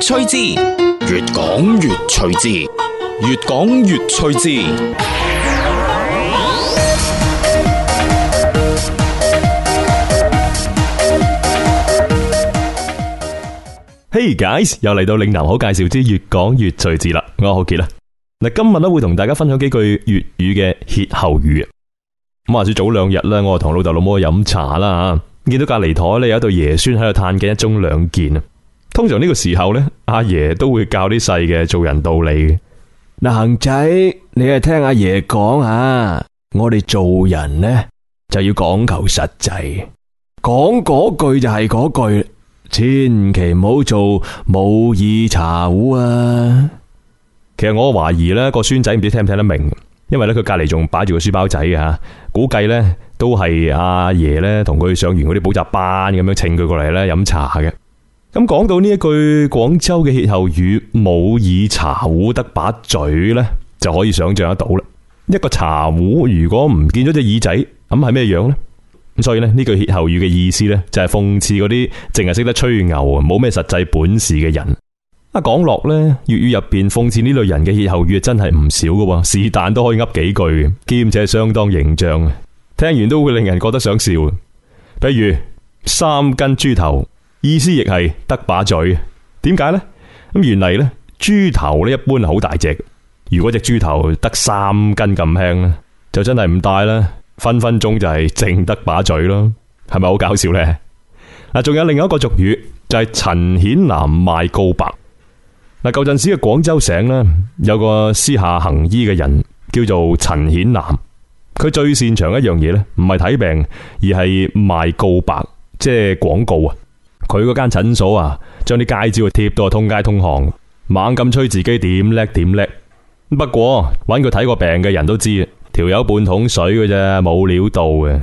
趣致，越講越趣致。越講越趣致，Hey guys，又嚟到嶺南好介紹之越講越趣致啦！我係浩傑啦。嗱，今日咧會同大家分享幾句粵語嘅歇後語啊。咁話說早兩日咧，我同老豆老母飲茶啦吓，見到隔籬台咧有一對爺孫喺度嘆緊一盅兩件啊。通常呢個時候呢，阿爺都會教啲細嘅做人道理嘅。嗱，恆仔，你係聽阿爺講啊，我哋做人呢，就要講求實際，講嗰句就係嗰句，千祈唔好做冇耳茶壺啊！其實我懷疑呢，個孫仔唔知聽唔聽得明，因為呢，佢隔籬仲擺住個書包仔啊，估計呢，都係阿爺呢同佢上完嗰啲補習班咁樣，請佢過嚟呢飲茶嘅。咁講到呢一句廣州嘅歇後語，冇耳茶壺得把嘴呢，就可以想象得到啦。一個茶壺如果唔見咗隻耳仔，咁係咩樣呢？咁所以呢呢句歇後語嘅意思呢，就係諷刺嗰啲凈係識得吹牛冇咩實際本事嘅人。一講落呢，粵語入邊諷刺呢類人嘅歇後語真係唔少噶，是但都可以噏幾句，兼且相當形象，聽完都會令人覺得想笑。比如三斤豬頭。意思亦係得把嘴，點解呢？咁原嚟呢，豬頭呢一般好大隻。如果隻豬頭得三斤咁輕呢，就真係唔大啦。分分鐘就係淨得把嘴咯，係咪好搞笑呢？嗱，仲有另一個俗語就係陳顯南賣告白嗱。舊陣時嘅廣州城呢，有個私下行醫嘅人叫做陳顯南，佢最擅長一樣嘢呢，唔係睇病，而係賣告白，即係廣告啊。佢嗰間診所啊，將啲街招貼到係通街通巷，猛咁吹自己點叻點叻。不過揾佢睇過病嘅人都知，條友半桶水嘅啫，冇料到嘅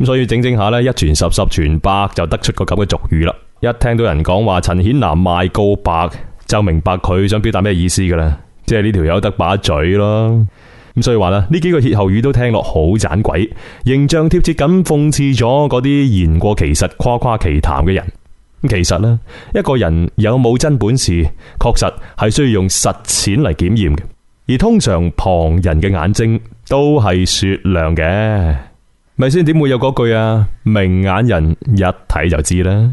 咁，所以整整下呢，一傳十十傳百就得出個咁嘅俗語啦。一聽到人講話陳顯南賣告白，就明白佢想表達咩意思㗎啦。即係呢條友得把嘴咯咁，所以話呢，呢幾個歇後語都聽落好盞鬼，形象貼切咁諷刺咗嗰啲言過其實、誇誇其談嘅人。其實咧，一個人有冇真本事，確實係需要用實踐嚟檢驗嘅。而通常旁人嘅眼睛都係雪亮嘅，咪先點會有嗰句啊？明眼人一睇就知啦。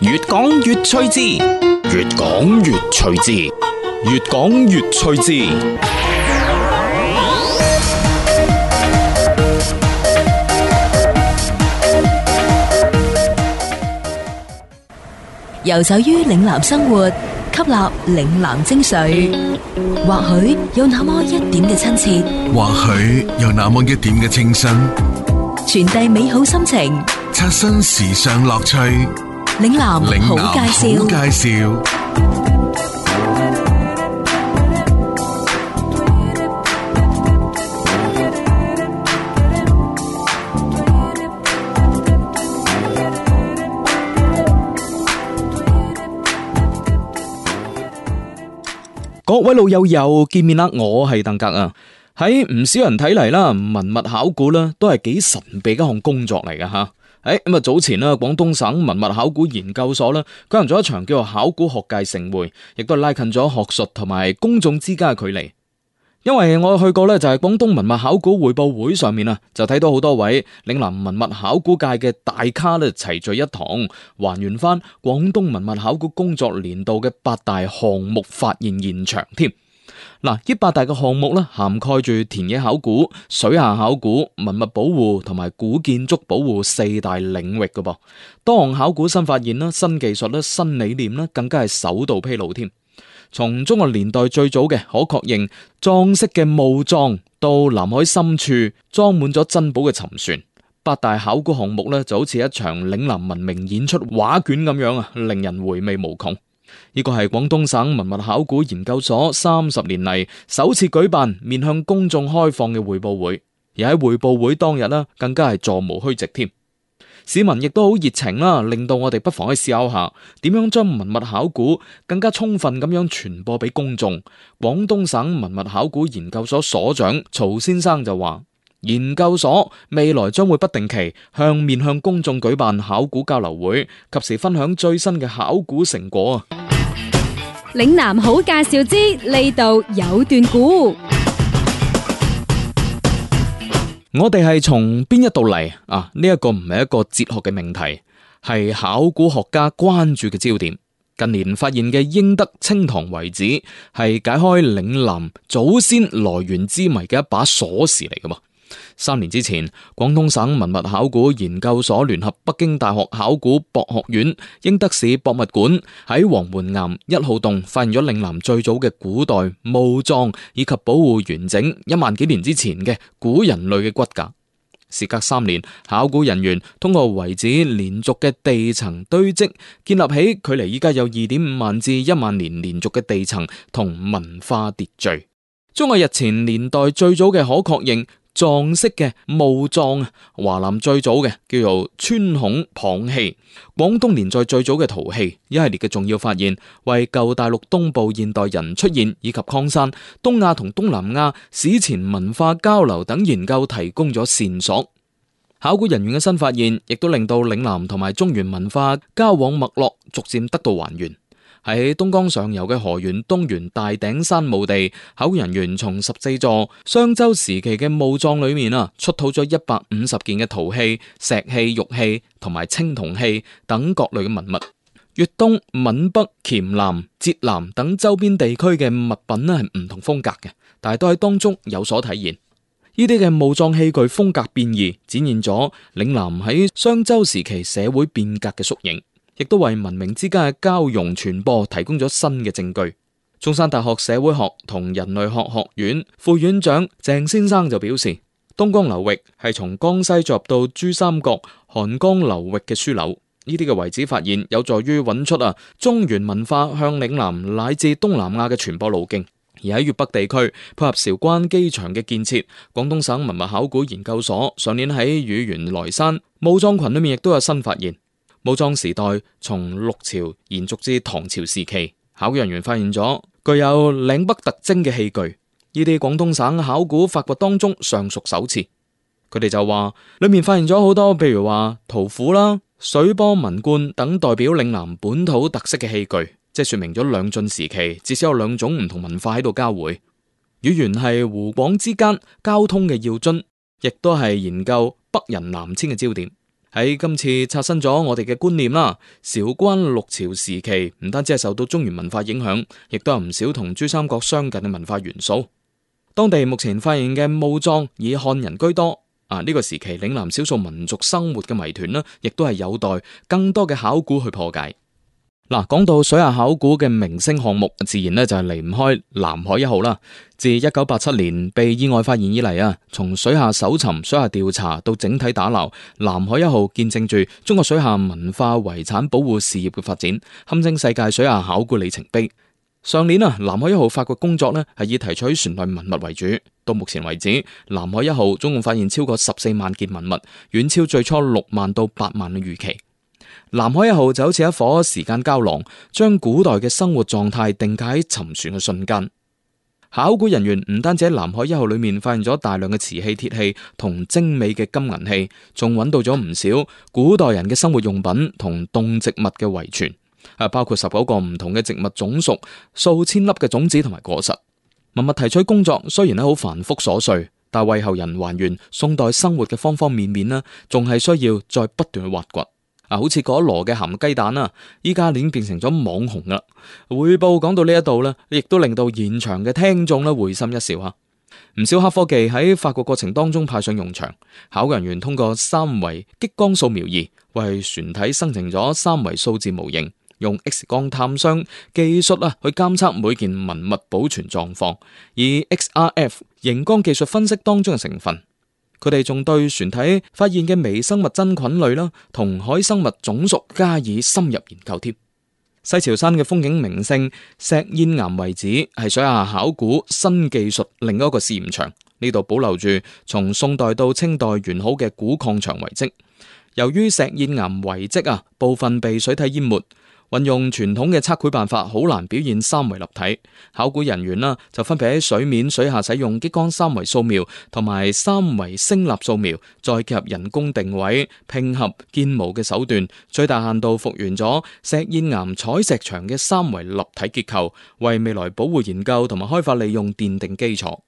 越講越趣致，越講越趣致，越講越趣致。遊走於嶺南生活，吸納嶺南精髓，或許有那麼一點嘅親切，或許有那麼一點嘅清新，傳遞美好心情，刷新時尚樂趣。嶺南好介紹，好介紹。各位、哦、老友又見面啦，我係鄧格啊。喺、哎、唔少人睇嚟啦，文物考古啦都係幾神秘嘅一項工作嚟噶吓。誒咁啊，早前啦，廣東省文物考古研究所啦舉行咗一場叫做考古學界盛會，亦都拉近咗學術同埋公眾之間嘅距離。因為我去過咧，就係廣東文物考古匯報會上面啊，就睇到好多位嶺南文物考古界嘅大咖咧齊聚一堂，還原翻廣東文物考古工作年度嘅八大項目發現現場添。嗱，呢八大嘅項目咧，涵蓋住田野考古、水下考古、文物保護同埋古建築保護四大領域嘅噃。多項考古新發現啦、新技術啦、新理念啦，更加係首度披露添。從中國年代最早嘅可確認葬式嘅墓葬，到南海深處裝滿咗珍寶嘅沉船，八大考古項目咧就好似一場嶺南文明演出畫卷咁樣啊，令人回味無窮。呢個係廣東省文物考古研究所三十年嚟首次舉辦面向公眾開放嘅匯報會，而喺匯報會當日呢更加係座無虛席添。市民亦都好熱情啦，令到我哋不妨去思考下，點樣將文物考古更加充分咁樣傳播俾公眾。廣東省文物考古研究所所長曹先生就話，研究所未來將會不定期向面向公眾舉辦考古交流會，及時分享最新嘅考古成果。啊，嶺南好介紹之呢度有段古。我哋係從邊一度嚟啊？呢、這、一個唔係一個哲學嘅命題，係考古學家關注嘅焦點。近年發現嘅英德青塘遺址，係解開嶺南祖先來源之謎嘅一把鎖匙嚟噶嘛？三年之前，廣東省文物考古研究所聯合北京大學考古博學院、英德市博物館喺黃門岩一號洞發現咗嶺南最早嘅古代墓葬以及保護完整一萬幾年之前嘅古人類嘅骨骼。時隔三年，考古人員通過遺址連續嘅地層堆積，建立起距離依家有二點五萬至一萬年連續嘅地層同文化秩序，中國目前年代最早嘅可確認。藏式嘅墓葬，華南最早嘅叫做穿孔蚌器，廣東年代最早嘅陶器，一系列嘅重要發現，為舊大陸東部現代人出現以及擴山東亞同東南亞史前文化交流等研究提供咗線索。考古人員嘅新發現，亦都令到嶺南同埋中原文化交往脈絡逐漸得到還原。喺東江上游嘅河源東源大頂山墓地，考古人員從十四座商周時期嘅墓葬裏面啊，出土咗一百五十件嘅陶器、石器、玉器同埋青銅器等各類嘅文物。粵東、閩北、黔南、浙南等周邊地區嘅物品呢係唔同風格嘅，但係都喺當中有所體現。呢啲嘅墓葬器具風格變異，展現咗嶺南喺商周時期社會變革嘅縮影。亦都為文明之間嘅交融傳播提供咗新嘅證據。中山大學社會學同人類學學院副院長鄭先生就表示，東江流域係從江西進入到珠三角、韓江流域嘅樞紐。呢啲嘅遺址發現，有助於揾出啊中原文化向嶺南乃至東南亞嘅傳播路徑。而喺粵北地區，配合韶關機場嘅建設，廣東省文物考古研究所上年喺乳源來山墓葬群裏面亦都有新發現。武裝時代從六朝延續至唐朝時期，考古人員發現咗具有嶺北特徵嘅器具，呢啲廣東省考古發掘當中尚屬首次。佢哋就話，裏面發現咗好多，譬如話陶釜啦、水波紋罐等代表嶺南本土特色嘅器具，即係說明咗兩晉時期至少有兩種唔同文化喺度交匯。語言係湖廣之間交通嘅要津，亦都係研究北人南遷嘅焦點。喺今次刷新咗我哋嘅觀念啦，韶關六朝時期唔單止係受到中原文化影響，亦都有唔少同珠三角相近嘅文化元素。當地目前發現嘅墓葬以漢人居多，啊呢個時期嶺南少數民族生活嘅謎團呢，亦都係有待更多嘅考古去破解。嗱，講到水下考古嘅明星項目，自然咧就係離唔開南海一號啦。自一九八七年被意外發現以嚟啊，從水下搜尋、水下調查到整體打撈，南海一號見證住中國水下文化遺產保護事業嘅發展，堪稱世界水下考古里程碑。上年啊，南海一號發掘工作咧係以提取船內文物為主，到目前為止，南海一號總共發現超過十四萬件文物，遠超最初六萬到八萬嘅預期。南海一號就好似一顆時間膠囊，將古代嘅生活狀態定格喺沉船嘅瞬間。考古人員唔單止喺南海一號裏面發現咗大量嘅瓷器、鐵器同精美嘅金銀器，仲揾到咗唔少古代人嘅生活用品同動植物嘅遺存，誒，包括十九個唔同嘅植物種屬、數千粒嘅種子同埋果實。文物提取工作雖然喺好繁複瑣碎，但為後人還原宋代生活嘅方方面面呢，仲係需要再不斷去挖掘。嗱，好似嗰一籮嘅鹹雞蛋啊，依家已經變成咗網紅啦。匯報講到呢一度呢，亦都令到現場嘅聽眾咧會心一笑吓。唔少黑科技喺發掘過程當中派上用場，考人員通過三維激光掃描儀為船體生成咗三維數字模型，用 X 光探傷技術啊去監測每件文物保存狀況，以 XRF 熒光技術分析當中嘅成分。佢哋仲對船體發現嘅微生物真菌類啦，同海生物種屬加以深入研究。添西樵山嘅風景名勝石燕岩遺址係水下考古新技術另一個試驗場，呢度，保留住從宋代到清代完好嘅古礦場遺跡。由於石燕岩遺跡啊，部分被水體淹沒。運用傳統嘅測繪辦法，好難表現三維立體。考古人員啦，就分別喺水面、水下使用激光三維掃描同埋三維聲納掃描，再結合人工定位、拼合建模嘅手段，最大限度復原咗石燕岩採石場嘅三維立體結構，為未來保護研究同埋開發利用奠定基礎。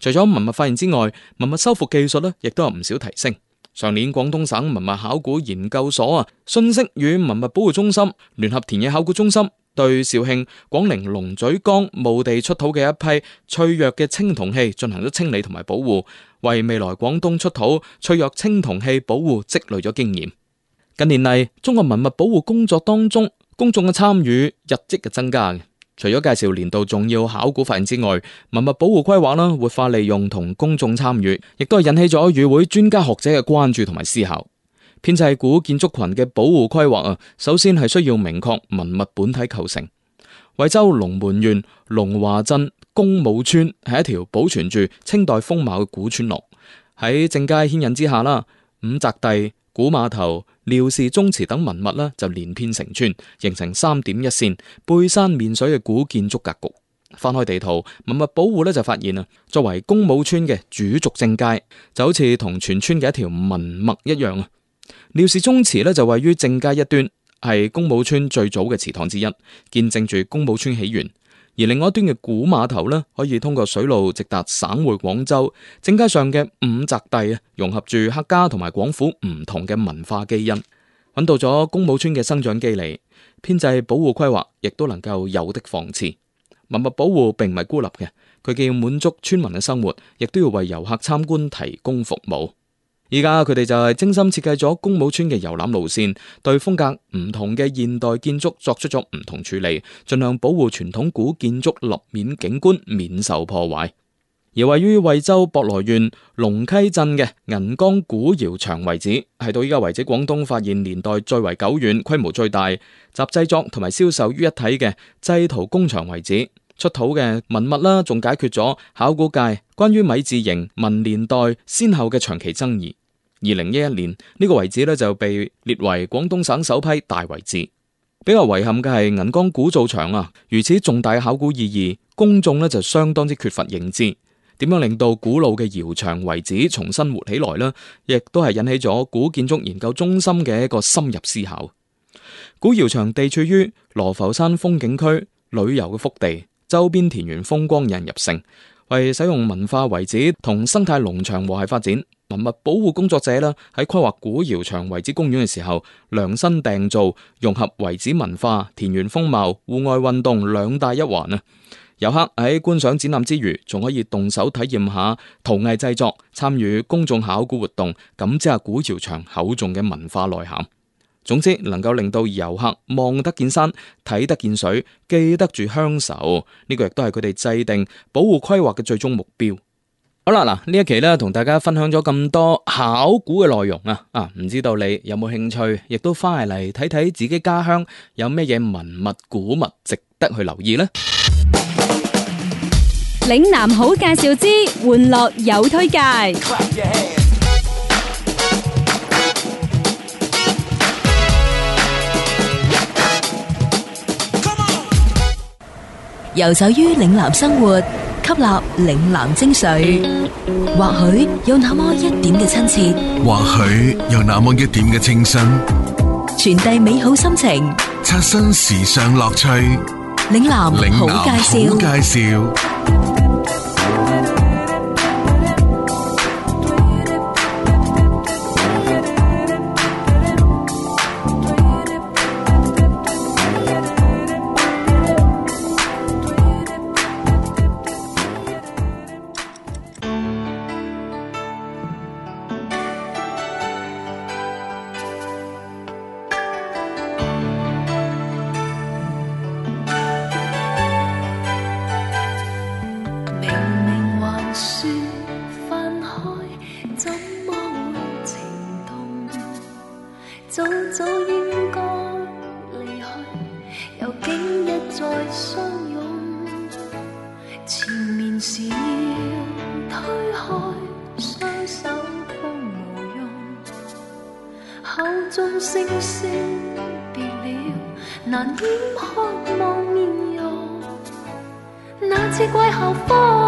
除咗文物發現之外，文物修復技術咧，亦都有唔少提升。上年，廣東省文物考古研究所啊，信息與文物保護中心聯合田野考古中心，對肇慶廣寧龍嘴崗墓地出土嘅一批脆弱嘅青銅器進行咗清理同埋保護，為未來廣東出土脆弱青銅器保護積累咗經驗。近年嚟，中國文物保護工作當中，公眾嘅參與日積嘅增加。除咗介紹年度重要考古發現之外，文物保護規劃啦、活化利用同公眾參與，亦都係引起咗與會專家學者嘅關注同埋思考。編制古建築群嘅保護規劃啊，首先係需要明確文物本體構成。惠州龍門縣龍華鎮公武村係一條保存住清代風貌嘅古村落，喺正街牽引之下啦，五宅第、古碼頭。廖氏宗祠等文物呢，就連片成村，形成三點一線、背山面水嘅古建築格局。翻開地圖，文物保護呢，就發現啊，作為公武村嘅主軸正街，就好似同全村嘅一條文脈一樣啊。廖氏宗祠呢，就位於正街一端，係公武村最早嘅祠堂之一，見證住公武村起源。而另外一端嘅古碼頭呢，可以通過水路直達省會廣州。正街上嘅五宅地啊，融合住客家同埋廣府唔同嘅文化基因，揾到咗公母村嘅生長機理，編制保護規劃，亦都能夠有的放矢。文物保護並唔係孤立嘅，佢既要滿足村民嘅生活，亦都要為遊客參觀提供服務。依家佢哋就係精心設計咗公武村嘅遊覽路線，對風格唔同嘅現代建築作出咗唔同處理，盡量保護傳統古建築立面景觀免受破壞。而位於惠州博羅縣龍溪鎮嘅銀江古窯場遺址，係到依家為止廣東發現年代最為久遠、規模最大、集製作同埋銷售於一體嘅製陶工場遺址。出土嘅文物啦，仲解決咗考古界關於米字形文年代先後嘅長期爭議。二零一一年，呢、這個遺址呢就被列為廣東省首批大遺址。比較遺憾嘅係，銀崗古窯場啊，如此重大嘅考古意義，公眾呢就相當之缺乏認知。點樣令到古老嘅窯場遺址重新活起來呢？亦都係引起咗古建築研究中心嘅一個深入思考。古窯場地處於羅浮山風景區旅遊嘅腹地，周邊田園風光引人入勝。為使用文化遺址同生態農場和諧發展，文物保護工作者啦喺規劃古窯場遺址公園嘅時候，量身訂造，融合遺址文化、田園風貌、戶外運動兩大一環啊！遊客喺觀賞展覽之餘，仲可以動手體驗下陶藝製作，參與公眾考古活動，感知下古窯場厚重嘅文化內涵。總之，能夠令到遊客望得見山、睇得見水、記得住鄉愁，呢個亦都係佢哋制定保護規劃嘅最終目標。好啦，嗱，呢一期呢，同大家分享咗咁多考古嘅內容啊，啊，唔知道你有冇興趣，亦都翻嚟睇睇自己家鄉有咩嘢文物古物值得去留意呢？嶺南好介紹之，玩樂有推介。遊走於嶺南生活，吸納嶺南精髓，或許有那麼一點嘅親切，或許有那麼一點嘅清新，傳遞美好心情，刷新時尚樂趣。嶺南好介紹。難掩渴望面容，那知季候風。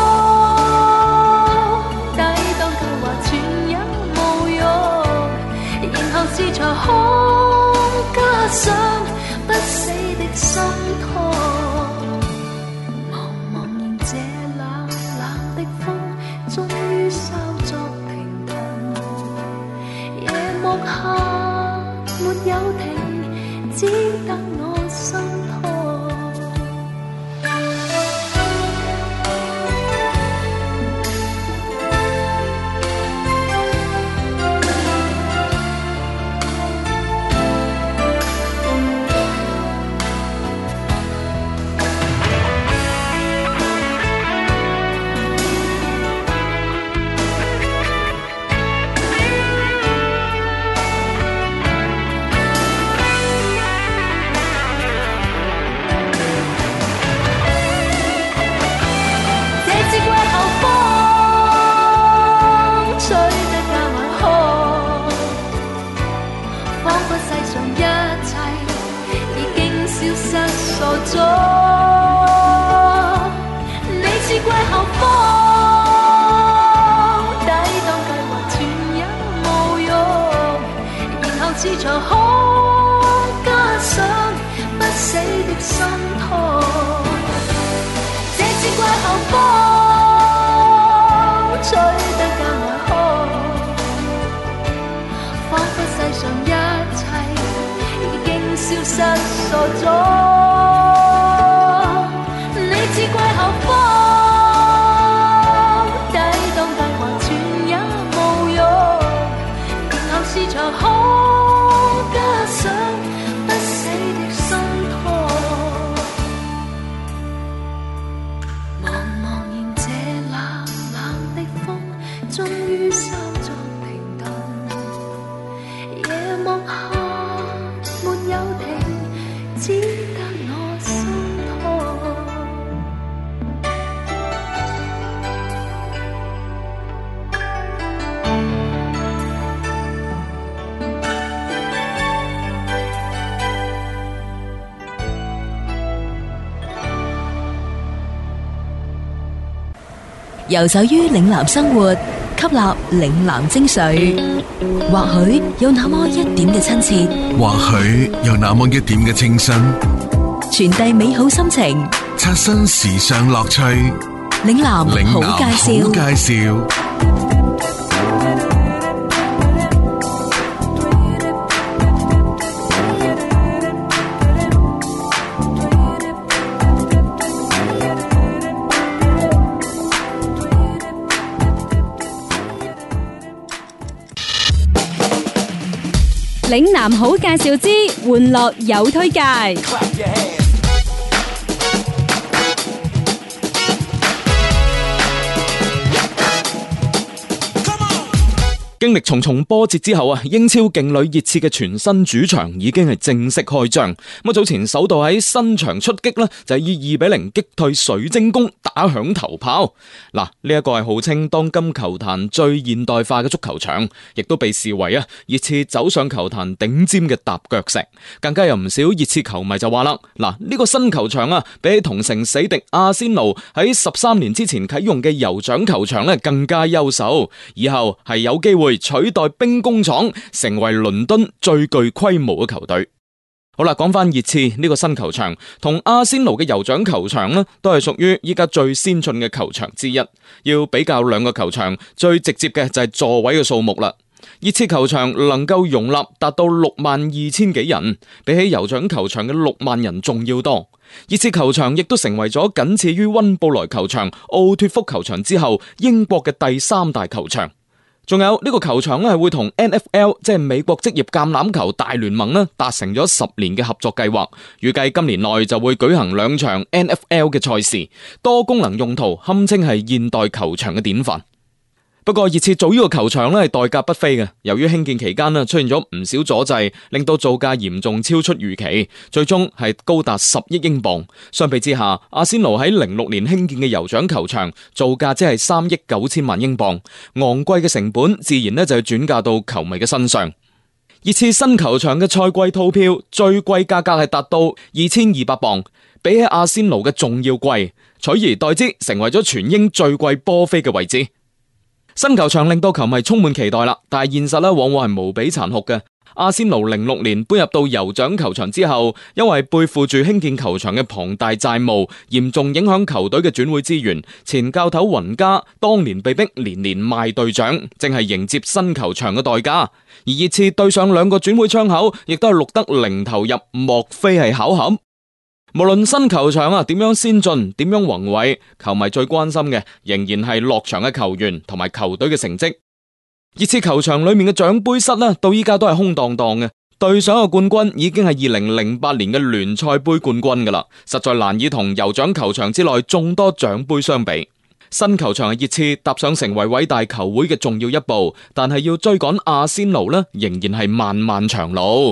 遊走於嶺南生活，吸納嶺南精髓，或許有那麼一點嘅親切，或許有那麼一點嘅清新，傳遞美好心情，刷新時尚樂趣。嶺南好介紹，好介紹。嶺南好介紹之，玩樂有推介。經歷重重波折之後啊，英超勁旅熱刺嘅全新主場已經係正式開張。咁早前首度喺新場出擊咧，就以二比零擊退水晶宮，打響頭炮。嗱，呢一個係號稱當今球壇最現代化嘅足球場，亦都被視為啊熱刺走上球壇頂尖嘅踏腳石。更加有唔少熱刺球迷就話啦，嗱，呢、這個新球場啊，比起同城死敵阿仙奴喺十三年之前啟用嘅酋長球場呢，更加優秀。以後係有機會。取代兵工廠成為倫敦最具規模嘅球隊。好啦，講翻熱刺呢個新球場同阿仙奴嘅酋長球場呢，都係屬於依家最先進嘅球場之一。要比較兩個球場，最直接嘅就係座位嘅數目啦。熱刺球場能夠容納達,達到六萬二千幾人，比起酋長球場嘅六萬人仲要多。熱刺球場亦都成為咗僅次於温布萊球場、奧脱福球場之後，英國嘅第三大球場。仲有呢個球場咧係會同 NFL，即係美國職業橄欖球大聯盟咧，達成咗十年嘅合作計劃，預計今年內就會舉行兩場 NFL 嘅賽事，多功能用途堪稱係現代球場嘅典範。不過熱刺做呢個球場咧係代價不菲嘅，由於興建期間咧出現咗唔少阻滯，令到造價嚴重超出預期，最終係高達十億英鎊。相比之下，阿仙奴喺零六年興建嘅酋長球場造價只係三億九千萬英鎊，昂貴嘅成本自然呢就係轉嫁到球迷嘅身上。熱刺新球場嘅賽季套票最貴價格係達到二千二百鎊，比起阿仙奴嘅仲要貴，取而代之成為咗全英最貴波飛嘅位置。新球場令到球迷充滿期待啦，但係現實咧往往係無比殘酷嘅。阿仙奴零六年搬入到酋長球場之後，因為背負住興建球場嘅龐大債務，嚴重影響球隊嘅轉會資源。前教頭雲加當年被逼連連賣隊長，正係迎接新球場嘅代價。而熱刺對上兩個轉會窗口，亦都係錄得零投入，莫非係巧合？無論新球場啊點樣先進，點樣宏偉，球迷最關心嘅，仍然係落場嘅球員同埋球隊嘅成績。熱刺球場裏面嘅獎杯室啦，到依家都係空蕩蕩嘅。對上嘅冠軍已經係二零零八年嘅聯賽杯冠軍噶啦，實在難以同酋長球場之內眾多獎杯相比。新球場嘅熱刺踏上成為偉大球會嘅重要一步，但係要追趕阿仙奴呢，仍然係漫漫長路。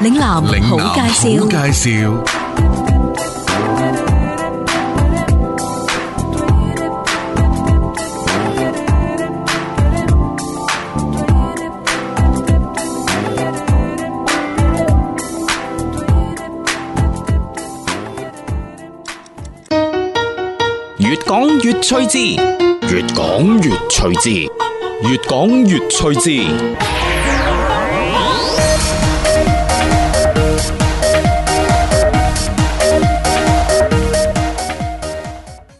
嶺南好介紹，越講越趣致，越講越趣致，越講越趣致。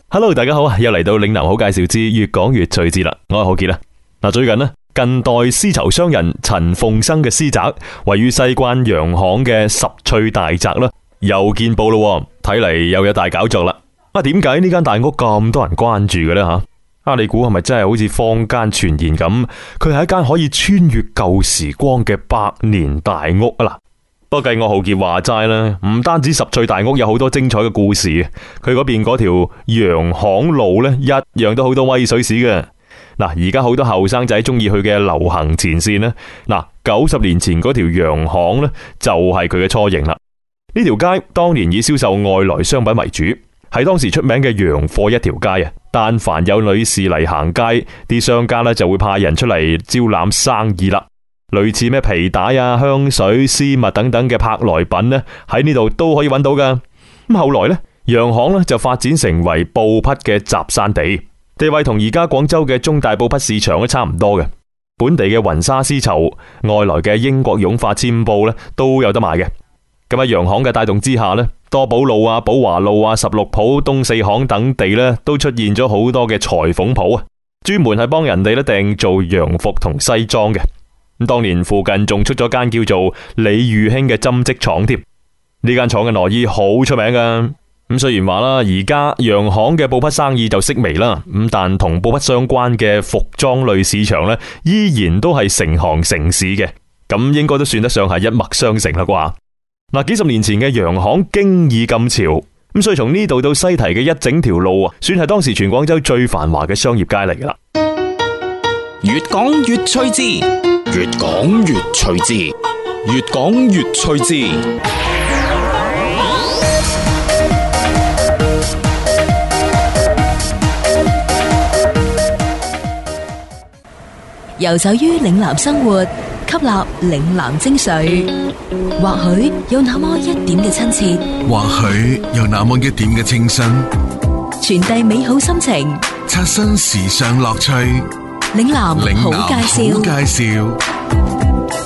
hello，大家好啊！又嚟到嶺南好介紹之越講越趣致啦。我係何杰啦。嗱，最近呢近代絲綢商人陳鳳生嘅私宅位於西關洋行嘅十翠大宅啦，又見報啦，睇嚟又有大搞作啦。啊，點解呢間大屋咁多人關注嘅咧？吓，啊，你估係咪真係好似坊間傳言咁，佢係一間可以穿越舊時光嘅百年大屋啊？嗱。不計我浩傑話齋啦，唔單止十歲大屋有好多精彩嘅故事，佢嗰邊嗰條洋行路咧，一樣都好多威水史嘅。嗱，而家好多後生仔中意去嘅流行前線呢。嗱，九十年前嗰條洋行咧就係佢嘅雛形啦。呢條街當年以銷售外來商品為主，係當時出名嘅洋貨一條街啊。但凡有女士嚟行街，啲商家咧就會派人出嚟招攬生意啦。類似咩皮帶啊、香水、絲襪等等嘅舶來品呢，喺呢度都可以揾到噶。咁後來咧，洋行咧就發展成為布匹嘅集散地，地位同而家廣州嘅中大布匹市場都差唔多嘅。本地嘅雲紗絲綢、外來嘅英國絨化纖布咧都有得賣嘅。咁喺洋行嘅帶動之下呢，多寶路啊、寶華路啊、十六鋪、東四巷等地咧，都出現咗好多嘅裁縫鋪啊，專門係幫人哋咧訂做洋服同西裝嘅。咁當年附近仲出咗間叫做李裕興嘅針織廠添，呢間廠嘅內衣好出名噶。咁雖然話啦，而家洋行嘅布匹生意就式微啦，咁但同布匹相關嘅服裝類市場咧，依然都係成行成市嘅。咁應該都算得上係一脈相承啦啩。嗱，幾十年前嘅洋行經已咁潮，咁所以從呢度到西堤嘅一整條路啊，算係當時全廣州最繁華嘅商業街嚟噶啦。越講越趣致。越講越趣致，越講越趣致。游走於嶺南生活，吸納嶺南精髓，或許有那麼一點嘅親切，或許有那麼一點嘅清新，傳遞美好心情，刷新時尚樂趣。嶺南好介紹。